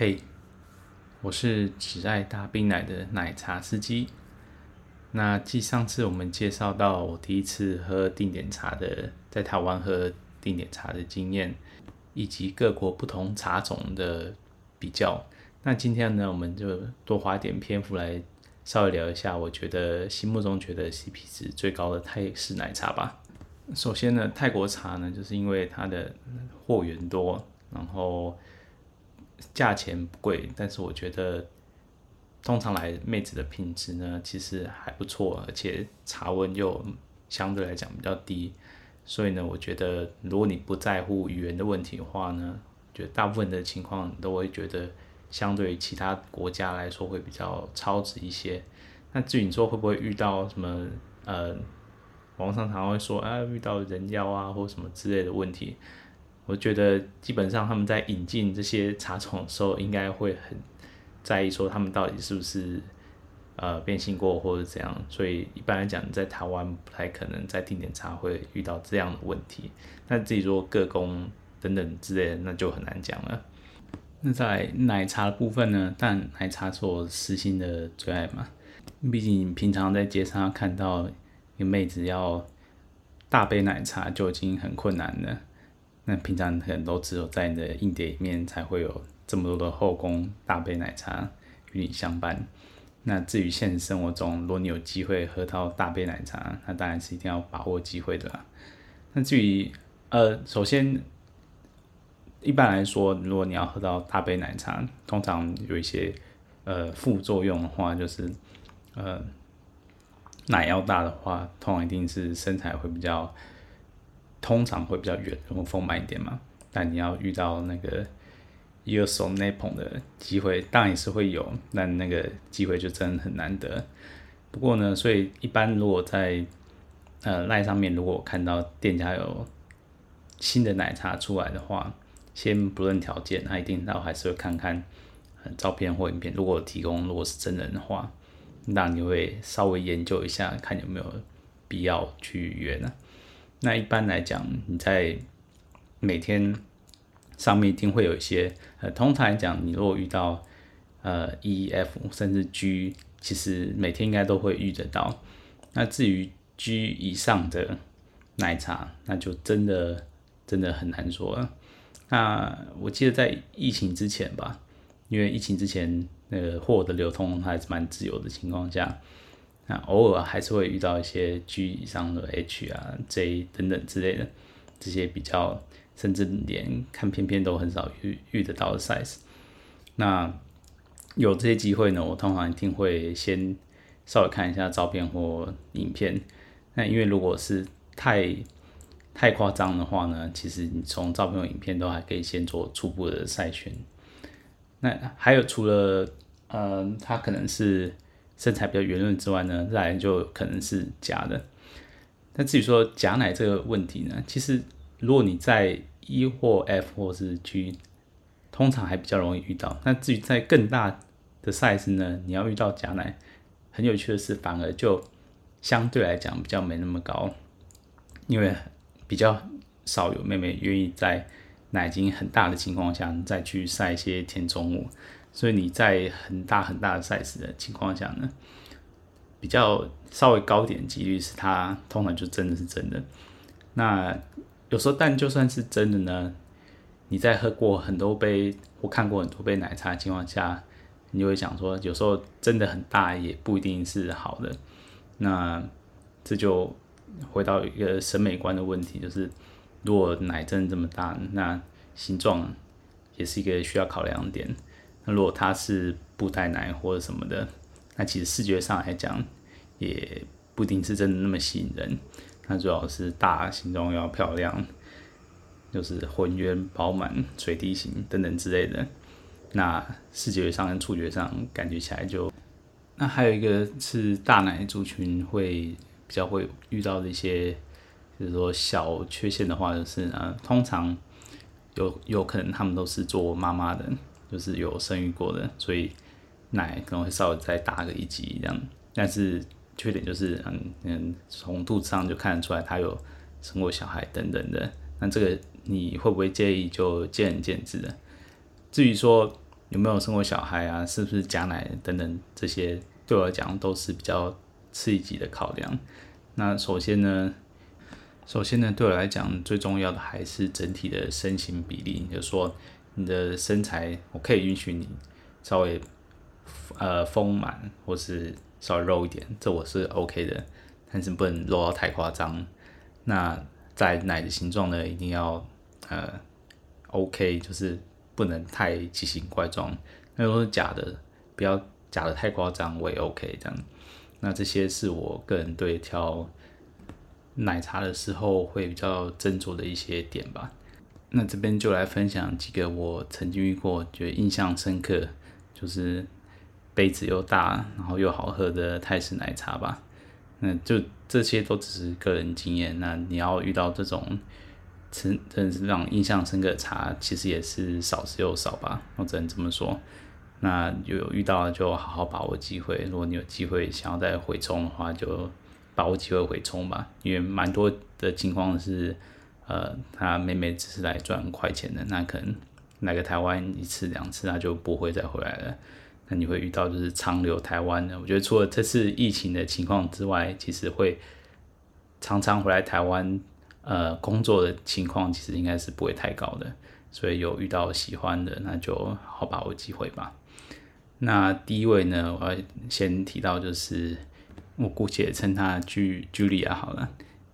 嘿、hey，我是只愛大冰奶的奶茶司機。那繼上次我們介紹到我第一次喝定點茶的，在台灣喝定點茶的經驗，以及各國不同茶種的比較，那今天呢，我們就多花一點篇幅來稍微聊一下，我覺得心目中覺得 CP 值最高的泰式奶茶吧。首先呢，泰國茶呢，就是因為它的貨源多，然後，價錢不貴，但是我覺得通常來妹子的品質呢，其實還不錯，而且茶溫又相對來講比較低，所以呢，我覺得如果你不在乎語言的問題的話呢，覺得大部分的情況都會覺得相對於其他國家來說會比較超值一些。那至於你說會不會遇到什麼呃，網上常常會說啊遇到人妖啊或什麼之類的問題？我覺得基本上他們在引進這些茶種的時候，應該會很在意，說他們到底是不是呃變性過或者怎樣。所以一般來講，在台灣不太可能在定點茶會遇到這樣的問題。那至於說個工等等之類的，那就很難講了。那在奶茶的部分呢，但奶茶是我私心的最愛嘛，畢竟平常在街上看到一個妹子要大杯奶茶，就已經很困難了。那平常很多都只有在你的硬碟裡面才會有這麼多的後宮大杯奶茶與你相伴。那至於現實生活中，如果你有機會喝到大杯奶茶，那當然是一定要把握機會的。那至於呃，首先一般來說，如果你要喝到大杯奶茶，通常有一些呃副作用的話，就是呃奶要大的話，通常一定是身材會比較。通常會比較圓，我們豐滿一點嘛。但你要遇到那個又瘦奶澎的機會，當然也是會有，但那個機會就真的很難得。不過呢，所以一般如果在呃 LINE 上面，如果我看到店家有新的奶茶出來的話，先不論條件，他、啊、一定那還是會看看、啊、照片或影片。如果提供如果是真人的話，那你會稍微研究一下，看有沒有必要去約呢、啊？那一般來講，你在每天上面一定會有一些，呃，通常來講，你如果遇到呃 E、F 甚至 G，其實每天應該都會遇得到。那至於 G 以上的奶茶，那就真的真的很難說了。那我記得在疫情之前吧，因為疫情之前，那個貨的流通還是蠻自由的情況下。那偶爾還是會遇到一些 G 以上的 H 啊、J 等等之類的，這些比較，甚至連看片片都很少遇遇得到的 size。那有這些機會呢，我通常一定會先稍微看一下照片或影片。那因為如果是太太誇張的話呢，其實你從照片或影片都還可以先做初步的篩選。那還有除了，呃，它可能是，身材比較圓潤之外呢，再來就可能是假的。那至於說假奶這個問題呢，其實如果你在 E 或 F 或是 G，通常還比較容易遇到。那至於在更大的 size 呢，你要遇到假奶，很有趣的是，反而就相對來講比較沒那麼高，因為比較少有妹妹願意在奶已經很大的情況下再去曬一些填充物。所以你在很大很大的 size 的情況下呢，比較稍微高點幾率是它通常就真的是真的。那有時候但就算是真的呢，你在喝過很多杯我看過很多杯奶茶的情況下，你就會想說有時候真的很大也不一定是好的。那這就回到一個審美觀的問題，就是如果奶真的這麼大，那形狀也是一個需要考量點。如果它是布袋奶或者什麼的，那其實視覺上來講也不一定是真的那麼吸引人。那主要是大，形狀要漂亮，就是渾圓飽滿、水滴形等等之類的。那視覺上跟觸覺上感覺起來就……那還有一個是大奶族群會比較會遇到的一些，就是說小缺陷的話，就是呃、啊，通常有有可能他們都是做媽媽的。就是有生育過的，所以奶可能會稍微再大個一級這樣。但是缺點就是，嗯嗯，從肚子上就看得出來他有生過小孩等等的。那這個你會不會介意？就見仁見智的。至於說有沒有生過小孩啊，是不是假奶等等這些，對我來講都是比較刺激的考量。那首先呢，首先呢，對我來講最重要的還是整體的身形比例，就是說。你的身材，我可以允許你稍微呃豐滿，或是稍微肉一點，這我是 OK 的。但是不能肉到太誇張。那在奶的形狀呢，一定要呃 OK，就是不能太奇形怪狀。那如果是假的，不要假的太誇張，我也 OK 這樣。那這些是我個人對挑奶茶的時候會比較斟酌的一些點吧。那這邊就來分享幾個我曾經遇過覺得印象深刻，就是杯子又大，然後又好喝的泰式奶茶吧。那就這些都只是個人經驗。那你要遇到這種真真是讓印象深刻的茶，其實也是少之又少吧，我只能這麼說。那有遇到了，就好好把握機會。如果你有機會想要再回沖的話，就把握機會回沖吧。因為蠻多的情況是。呃，他妹妹只是來賺快錢的，那可能來個台灣一次兩次，他就不會再回來了。那你會遇到就是長留台灣的，我覺得除了這次疫情的情況之外，其實會常常回來台灣，呃，工作的情況，其實應該是不會太高的。所以有遇到喜歡的，那就好把握機會吧。那第一位呢，我要先提到，就是我姑且稱他、G、Julia 好了，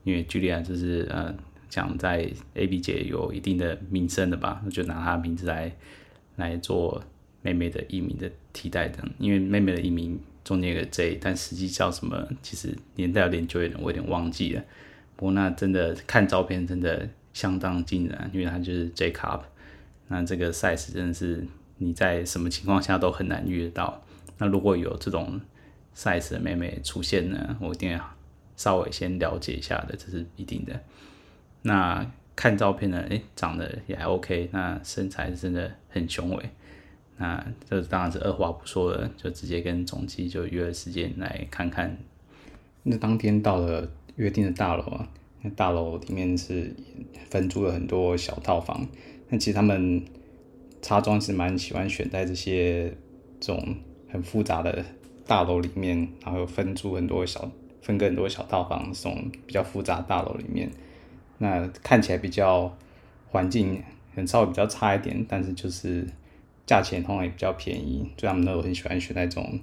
因為 Julia 就是呃。講在 A B 界有一定的名聲的吧，那就拿她的名字來來做妹妹的藝名的替代等，因為妹妹的藝名中間有個 J，但實際叫什麼其實年代有點久遠，我有點忘記了。不過那真的看照片真的相當驚人，因為她就是 J Cup。那這個 size 真的是你在什麼情況下都很難遇得到。那如果有這種 size 的妹妹出現呢，我一定要稍微先了解一下的，這是一定的。那看照片呢？誒，長得也還 OK，那身材真的很雄偉。那這當然是二話不說的，就直接跟總機就約了時間來看看。那當天到了約定的大樓啊，那大樓裡面是分租了很多小套房。那其實他們茶莊是蠻喜歡選在這些這種很複雜的大樓裡面，然後又分租很多小分隔、很多小套房，這種比較複雜的大樓裡面。那看起來比較環境很稍微比較差一點，但是就是價錢通常也比較便宜，所以他們都很喜歡選在這種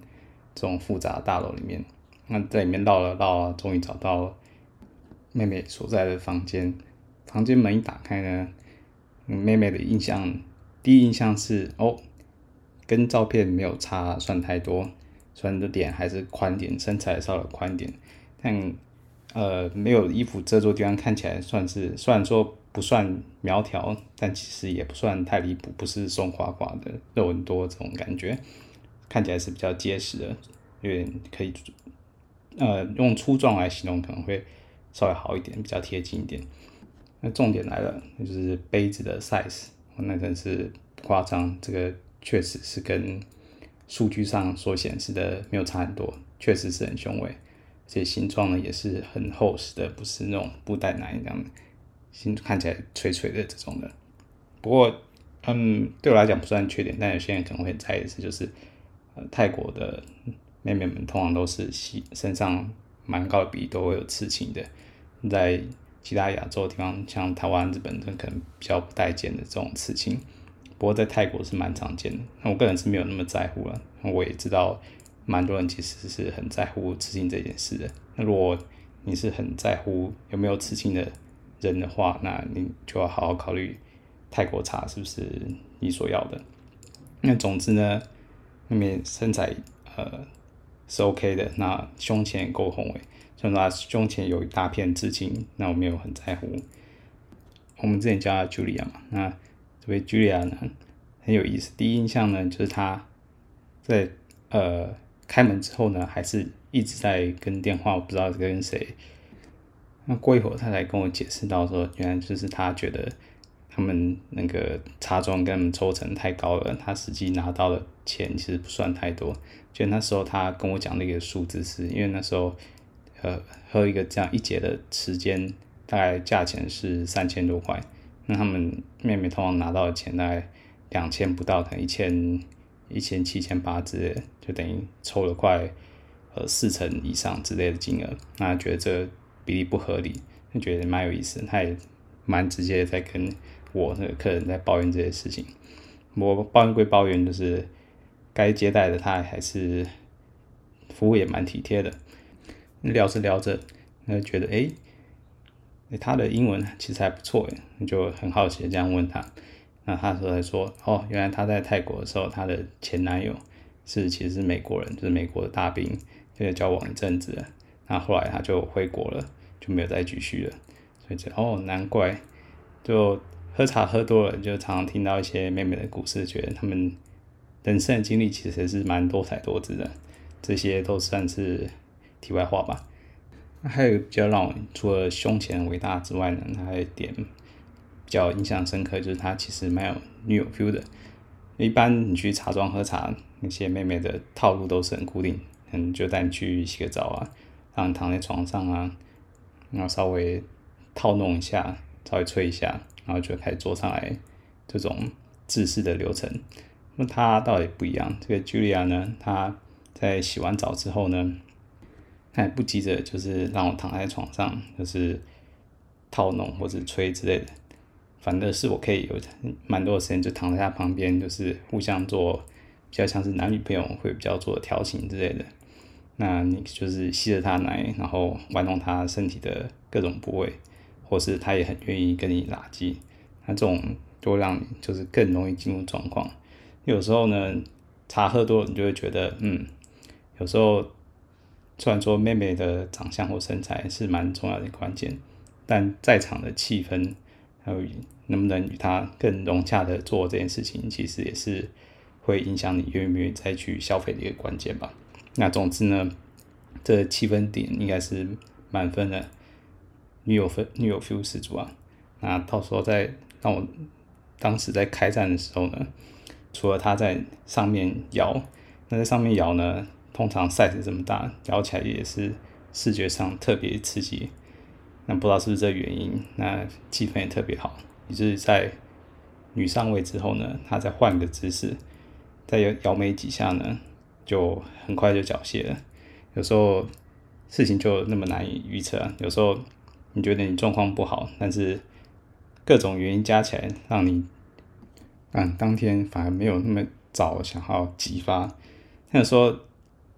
這種複雜的大樓裡面。那在裡面繞了繞，終於找到妹妹所在的房間。房間門一打開呢，妹妹的印象第一印象是哦，跟照片沒有差算太多，雖然你的臉還是寬點，身材稍微寬點，但。呃，沒有衣服遮住的地方，看起來算是雖然說不算苗條，但其實也不算太離譜，不是鬆垮垮的肉很多這種感覺，看起來是比較結實的，因為可以呃用粗壯來形容，可能會稍微好一點，比較貼近一點。那重點來了，那就是杯子的 size，那真是誇張，這個確實是跟數據上所顯示的沒有差很多，確實是很雄偉。這些形狀呢也是很厚實的，不是那種布袋男一樣的，看起來垂垂的這種的。不過，嗯，對我來講不算缺點，但有些人可能會在意的是，就是、呃、泰國的妹妹們通常都是身身上蠻高的比例都會有刺青的。在其他亞洲的地方，像台灣、日本等可能比較不待見的這種刺青，不過在泰國是蠻常見的。那我個人是沒有那麼在乎了，啊，我也知道。蠻多人其實是很在乎刺青這件事的。那如果你是很在乎有沒有刺青的人的話，那你就要好好考慮泰國茶是不是你所要的。那總之呢，那邊身材呃是 OK 的，那胸前也夠宏偉，雖然胸前有一大片刺青，那我沒有很在乎。我們之前叫她 Julia 嘛，那這位 Julia 呢很有意思，第一印象呢就是她在呃。開門之後呢，還是一直在跟電話，我不知道跟誰。那過一會兒，他才跟我解釋到說，原來就是他覺得他們那個茶莊跟他們抽成太高了，他實際拿到的錢其實不算太多。就那時候他跟我講那個數字是，因為那時候，呃，喝一個這樣一節的時間，大概價錢是三千多塊。那他們妹妹通常拿到的錢大概兩千不到，可能一千、一千七、一千八之類的。就等於抽了快呃四成以上之類的金額，那覺得這個比例不合理，就覺得蠻有意思，他也蠻直接在跟我那個客人在抱怨這些事情。我抱怨歸抱怨，就是該接待的他還是服務也蠻體貼的。聊着聊着，那覺得誒，欸欸、他的英文其實還不錯欸，你就很好奇這樣問他，那他時候還說來說哦，原來他在泰國的時候，他的前男友。是，其實是美國人，就是美國的大兵，跟、就是、交往一陣子了，那後來他就回國了，就沒有再繼續了。所以這哦，難怪，就喝茶喝多了，就常常聽到一些妹妹的故事，覺得他們人生的經歷其實是蠻多彩多姿的。這些都算是題外話吧。還有有比較讓我除了胸前偉大之外呢，還一點比較印象深刻，就是他其實蠻有女友 feel 的。一般你去茶莊喝茶，那些妹妹的套路都是很固定，嗯，就帶你去洗個澡啊，讓你躺在床上啊，然後稍微套弄一下，稍微吹一下，然後就開始坐上來這種制式的流程。那她倒也不一樣，這個 Julia 呢，她在洗完澡之後呢，她也不急着就是讓我躺在床上，就是套弄或者吹之類的，反正是我可以有蠻多的時間就躺在她旁邊，就是互相做。比較像是男女朋友會比較做調情之類的，那你就是吸着她奶，然後玩弄她身體的各種部位，或是她也很願意跟你拉近，那這種就會讓你就是更容易進入狀況。有時候呢，茶喝多了，你就會覺得，嗯，有時候雖然說妹妹的長相或身材是蠻重要的一個關鍵，但在場的氣氛還有能不能與她更融洽的做這件事情，其實也是。會影響你願不願,願意再去消費的一個關鍵吧。那總之呢，這氣氛點應該是滿分的，女友氛女友 feel 十足啊。那到時候在當我當時在開戰的時候呢，除了他在上面搖，那在上面搖呢，通常 size 這麼大搖起來也是視覺上特別刺激。那不知道是不是這原因，那氣氛也特別好。也就是在女上位之後呢，他再換個姿勢。再搖搖沒幾下呢，就很快就繳械了。有時候事情就那麼難以預測啊。有時候你覺得你狀況不好，但是各種原因加起來，讓你嗯當天反而沒有那麼早想要激發。那有時候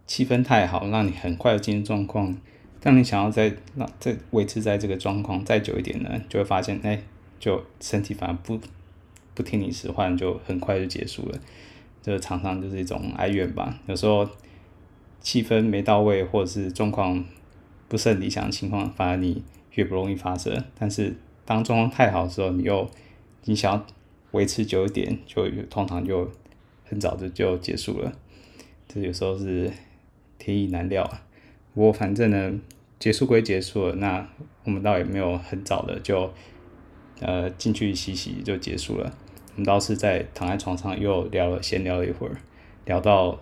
氣氛太好，讓你很快的進入狀況，當你想要再讓維持在這個狀況再久一點呢，就會發現哎、欸，就身體反而不不聽你使喚，就很快就結束了。就常常就是一種哀怨吧，有時候氣氛沒到位，或者是狀況不甚理想的情況，反而你越不容易發生。但是當狀況太好的時候，你又你想要維持久一點，就通常就很早的就，就結束了。這有時候是天意難料啊。不過反正呢，結束歸結束了，那我們倒也沒有很早的就呃進去洗洗就結束了。我們倒是在躺在床上又聊了閒聊了一會兒，聊到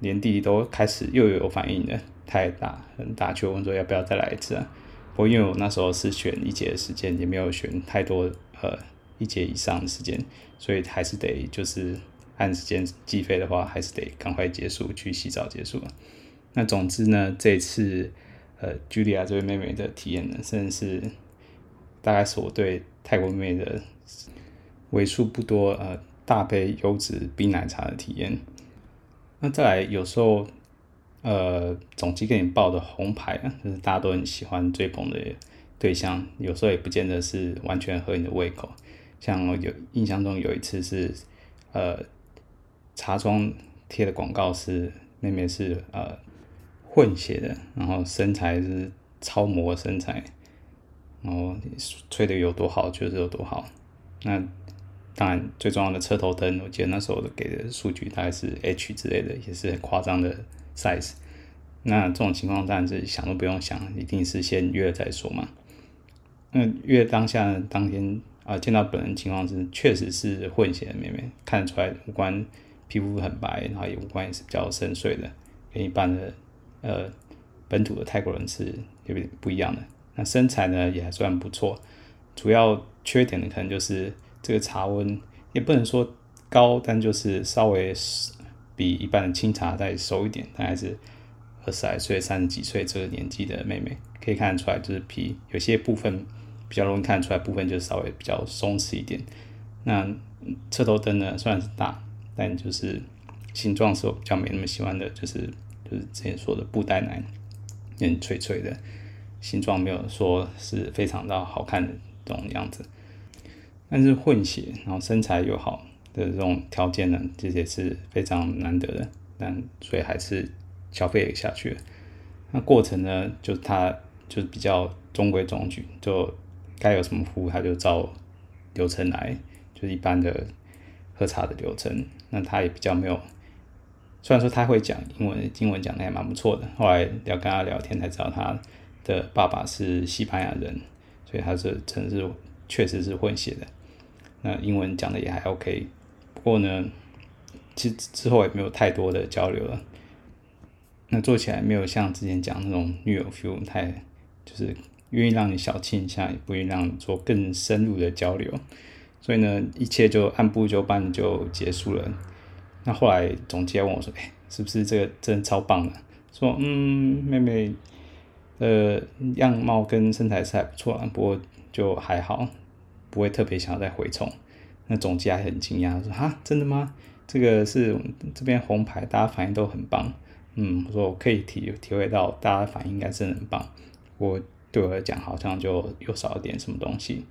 連弟弟都開始又有反應了，太大很大，就問說，要不要再來一次啊？不過因為我那時候是選一節的時間，也沒有選太多呃一節以上的時間，所以還是得就是按時間計費的話，還是得趕快結束去洗澡結束了。那總之呢，這次呃 Julia 這位妹妹的體驗呢，甚至是大概是我對泰國妹妹的。為數不多呃大杯優質冰奶茶的體驗，那再來有時候呃總機給你報的紅牌，就是大家都很喜歡追捧的對象，有時候也不見得是完全合你的胃口。像我有印象中有一次是呃茶莊貼的廣告是妹妹是呃混血的，然後身材是超模的身材，然後吹得有多好就是有多好，那。當然，最重要的車頭燈，我記得那時候給的數據大概是 H 之類的，也是很誇張的 size。那這種情況當然是想都不用想，一定是先約再說嘛。那約當下當天啊、呃，見到本人情況是，確實是混血的妹妹，看得出來五官皮膚很白，然後也五官也是比較深邃的，跟一般的呃本土的泰國人是有點不一樣的。那身材呢也還算不錯，主要缺點的可能就是。這個茶溫也不能說高，但就是稍微比一般的清茶再熟一點，大概是二十來歲、三十幾歲這個年紀的妹妹，可以看得出來，就是皮有些部分比較容易看得出來，部分就稍微比較鬆弛一點。那車頭燈呢，雖然是大，但就是形狀是我比較沒那麼喜歡的，就是就是之前說的布袋奶，有點脆脆的形狀，沒有說是非常的好看的這種樣子。但是混血，然後身材又好的這種條件呢，這些是非常難得的。但所以還是消費也下去了。那過程呢，就他就比較中規中矩，就該有什麼服務他就照流程來，就一般的喝茶的流程。那他也比較沒有，雖然說他會講英文、英文講的也蠻不錯的。後來聊跟他聊天才知道，他的爸爸是西班牙人，所以他是純日。確實是混血的，那英文講的也還 OK，不過呢，其實之後也沒有太多的交流了。那做起來沒有像之前講那種女友 feel 太，就是願意讓你小氣一下，也不願意讓你做更深入的交流，所以呢，一切就按部就班就結束了。那後來總監問我說：“哎、欸，是不是這個真超棒了？”說：“嗯，妹妹，呃，樣貌跟身材是還不錯不過……”按部就還好，不會特別想要再回沖。那總機還很驚訝，說：“哈，真的嗎？這個是這邊紅牌，大家反應都很棒。”嗯，我說我可以體體會到大家反應應該是很棒。我對我來講好像就又少了點什麼東西，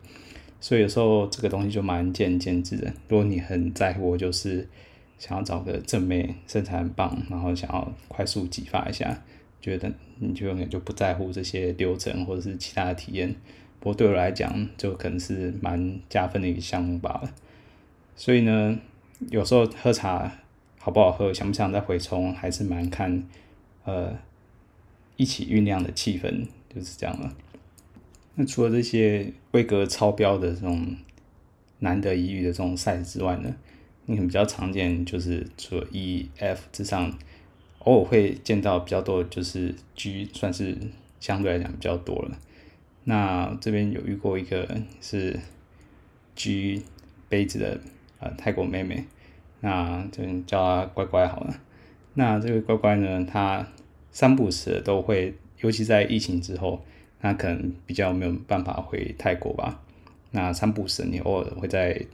所以有時候這個東西就蠻見仁見智的。如果你很在乎，就是想要找個正妹，身材很棒，然後想要快速激發一下，覺得你就永遠就不在乎這些流程或者是其他的體驗。我對我來講就可能是蠻加分的一個項目罷了，所以呢，有時候喝茶好不好喝，想不想再回沖，還是蠻看呃一起醞釀的氣氛，就是這樣了。那除了這些規格超標的這種難得一遇的這種賽事之外呢，你很比較常見就是除了 E、F 之上，偶爾會見到比較多，就是 G，算是相對來講比較多了。那這邊有遇過一個是 G 杯子的呃泰國妹妹，那就叫她乖乖好了。那這位乖乖呢，她三不五時都會，尤其在疫情之後，她可能比較沒有辦法回泰國吧。那三不五時你偶爾會在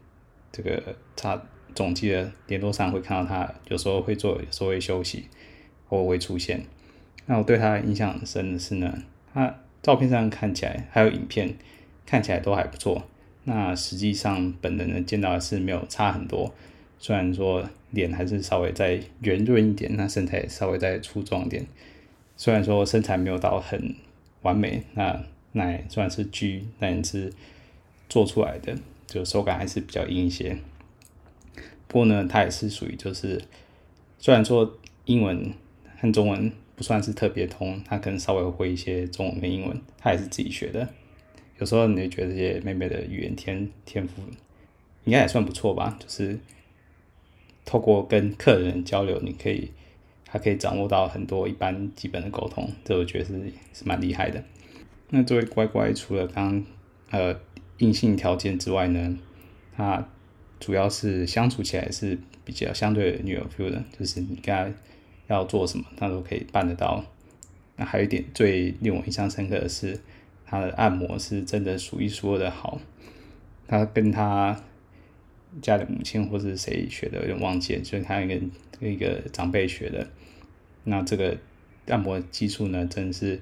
這個她總計的聯絡上會看到她，有時候會做稍微休息，偶爾會出現。那我對她印象很深的是呢，她。照片上看起來還有影片看起來都還不錯，那實際上本人呢見到的是沒有差很多，雖然說臉還是稍微再圓潤一點，那身材也稍微再粗壯一點，雖然說身材沒有到很完美，那那也雖然是 G，但是做出來的就手感還是比較硬一些。不過呢，它也是屬於就是，雖然說英文和中文。不算是特別通，他可能稍微會一些中文跟英文，他也是自己學的。有時候你就覺得這些妹妹的語言天天賦，應該也算不錯吧。就是透過跟客人交流，你可以還可以掌握到很多一般基本的溝通，這我覺得是是蠻厲害的。那這位乖乖除了剛呃硬性條件之外呢，他主要是相處起來是比較相對的女友 feel 的，就是你跟他。要做什麼，他都可以辦得到。那還有一點最令我印象深刻的是，他的按摩是真的數一數二的好。他跟他家裡母親或者誰學的，有點忘記了，就是他一個跟一個長輩學的。那這個按摩技術呢，真的是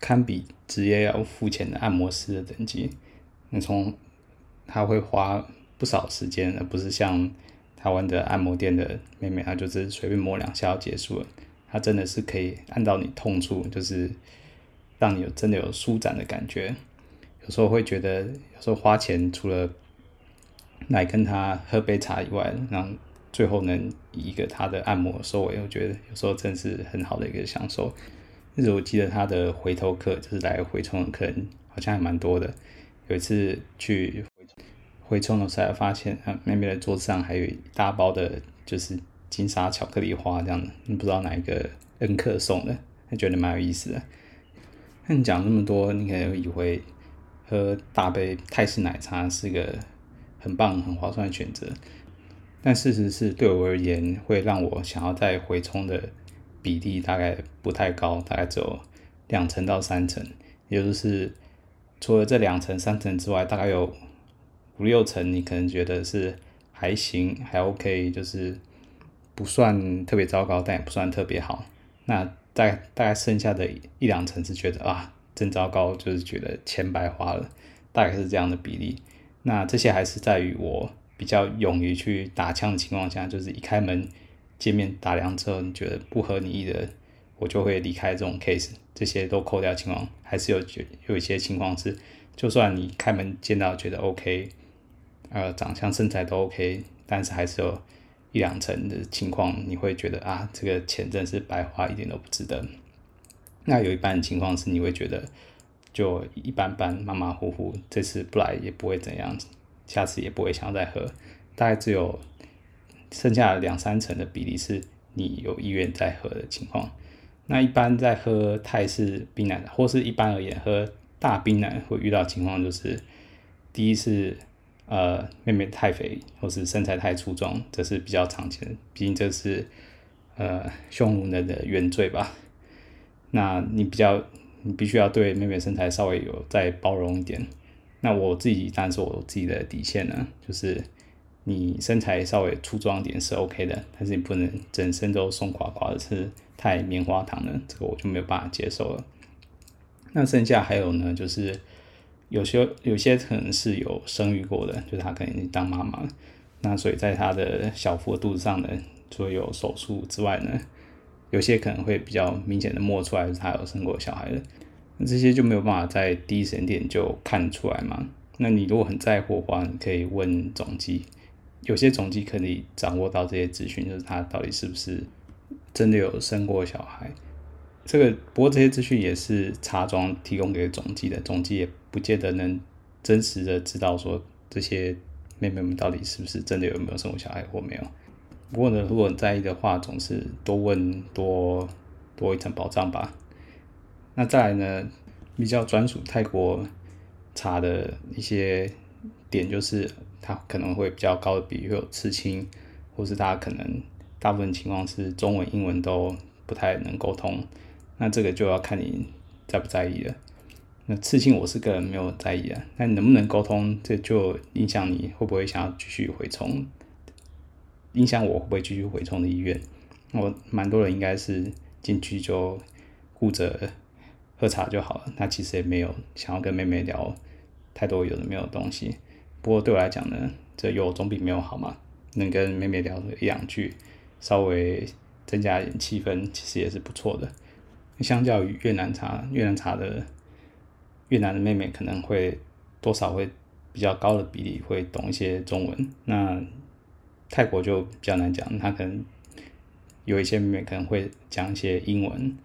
堪比職業要付錢的按摩師的等級。那從他會花不少時間，而不是像。台灣的按摩店的妹妹，她就是隨便摸兩下就結束了。她真的是可以按到你痛處，就是讓你有真的有舒展的感覺。有時候會覺得，有時候花錢除了來跟她喝杯茶以外，然後最後能以一個她的按摩的收尾，我覺得有時候真的是很好的一個享受。那時候我記得她的回頭客，就是來回衝的客人，好像還蠻多的。有一次去回衝。回衝的時候，還發現啊，那邊的桌子上還有一大包的，就是金沙巧克力花這樣的，你不知道哪一個恩客送的，他覺得蠻有意思的。那你講那麼多，你可能以為喝大杯泰式奶茶是個很棒很划算的選擇，但事實是對我而言，會讓我想要再回衝的比例大概不太高，大概只有兩成到三成，也就是除了這兩成三成之外，大概有。五六成你可能覺得是還行，還 OK，就是不算特別糟糕，但也不算特別好。那大概大概剩下的一兩成是覺得啊，真糟糕，就是覺得錢白花了，大概是這樣的比例。那這些還是在於我比較勇於去打槍的情況下，就是一開門見面打量之後，你覺得不合你意的，我就會離開這種 case。這些都扣掉的情況，還是有有有一些情況是，就算你開門見到覺得 OK。呃，長相身材都 OK，但是還是有一兩成的情況，你會覺得啊，這個錢真是白花，一點都不值得。那有一半情況是你會覺得就一般般，馬馬虎虎，這次不來也不會怎樣，下次也不會想要再喝。大概只有剩下兩三成的比例是你有意願再喝的情況。那一般在喝泰式冰奶，或是一般而言喝大冰奶會遇到情況，就是第一次。呃，妹妹太肥，或是身材太粗壯，這是比較常見的。畢竟這是呃，匈奴人的原罪吧。那你比較，你必須要對妹妹身材稍微有再包容一點。那我自己當然是我自己的底線了，就是你身材稍微粗壯一點是 OK 的，但是你不能整身都鬆垮垮的，是太棉花糖了，這個我就沒有辦法接受了。那剩下還有呢，就是。有些有些可能是有生育過的，就是她可能已經當媽媽了，那所以在她的小腹肚子上呢，除了有手術之外呢，有些可能會比較明顯的摸出來她有生過小孩的，那這些就沒有辦法在第一時間點就看出來嘛。那你如果很在乎的話，你可以問總機，有些總機可以掌握到這些資訊，就是她到底是不是真的有生過小孩。這個不過這些資訊也是茶莊提供給總機的，總機也不見得能真實的知道說這些妹妹們到底是不是真的有沒有生過小孩或沒有。不過呢，如果你在意的話，總是多問多多一層保障吧。那再來呢，比較專屬泰國茶的一些點就是，它可能會比較高的比例有刺青，或是它可能大部分情況是中文英文都不太能溝通。那這個就要看你在不在意了。那刺青我是個人沒有在意了、啊。那能不能溝通，這就影響你會不會想要繼續回沖，影響我會不會繼續回沖的意願。那我蠻多人應該是進去就顧着喝茶就好了，那其實也沒有想要跟妹妹聊太多有的沒有的東西。不過對我來講呢，這有總比沒有好嘛。能跟妹妹聊一兩句，稍微增加一點氣氛，其實也是不錯的。相較於越南茶，越南茶的越南的妹妹可能會多少會比較高的比例會懂一些中文。那泰國就比較難講，他可能有一些妹妹可能會講一些英文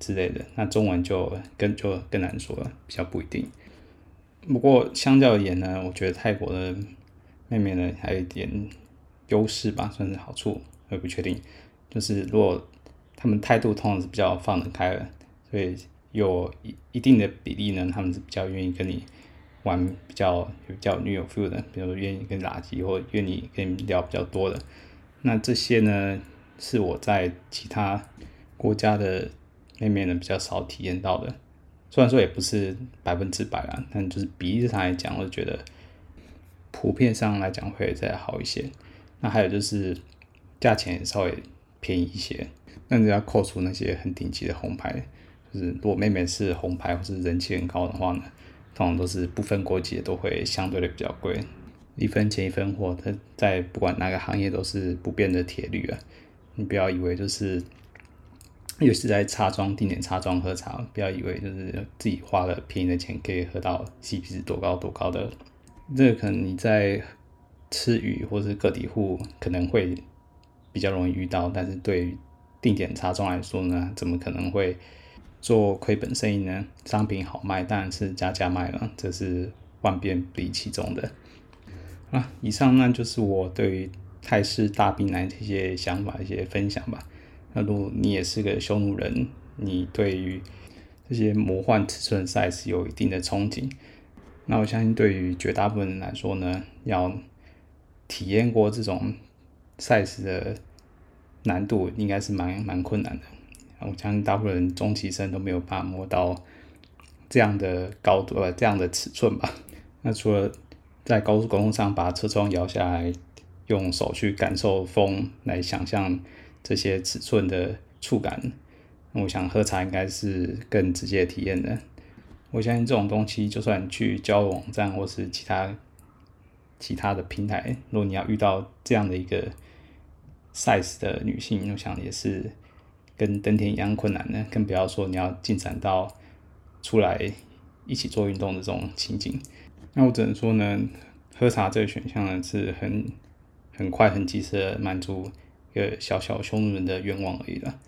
之類的。那中文就更就更難說了，比較不一定。不過，相較而言呢，我覺得泰國的妹妹呢還有一點優勢吧，算是好處，我也不確定。就是如果他們態度通常是比較放得開的，所以有一一定的比例呢，他們是比較願意跟你玩比較，比較比較女友 feel 的，比如說願意跟你拉皮或願意跟你聊比較多的。那這些呢，是我在其他國家的那邊呢，比較少體驗到的。雖然說也不是百分之百啦，但就是比例上來講，我覺得普遍上來講會再好一些。那還有就是價錢也稍微便宜一些。但是要扣除那些很頂級的紅牌，就是如果妹妹是紅牌或是人氣很高的話呢，通常都是不分國籍的，都會相對的比較貴。一分錢一分貨，它在不管哪個行業都是不變的鐵律啊。你不要以為就是，尤其是在茶莊定點茶莊喝茶，不要以為就是自己花了便宜的錢可以喝到 CP 值多高多高的。這個可能你在吃魚或是個體戶可能會比較容易遇到，但是對於。定點茶莊來說呢，怎麼可能會做虧本生意呢？商品好賣，當然是加價賣了，這是萬變不離其宗的。啊，以上呢就是我對於泰式大冰奶這些想法一些分享吧。那如果你也是個匈奴人，你對於這些魔幻尺寸 size 有一定的憧憬，那我相信對於絕大部分人來說呢，要體驗過這種 size 的。難度應該是蠻蠻困難的，我相信大部分人終其生都沒有辦法摸到這樣的高度，呃，這樣的尺寸吧。那除了在高速公路上把車窗搖下來，用手去感受風，來想象這些尺寸的觸感，我想喝茶應該是更直接體驗的。我相信這種東西，就算去交友網站或是其他其他的平台，如果你要遇到這樣的一個。size 的女性，我想也是跟登天一樣困難呢，更不要說你要進展到出來一起做運動的這種情景。那我只能說呢，喝茶這個選項呢，是很很快、很及時的滿足一個小小胸的人的願望而已了。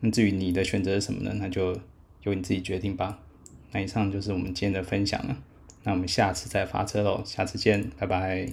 那至於你的選擇是什麼呢？那就由你自己決定吧。那以上就是我們今天的分享了，那我們下次再發車嘍，下次見，拜拜。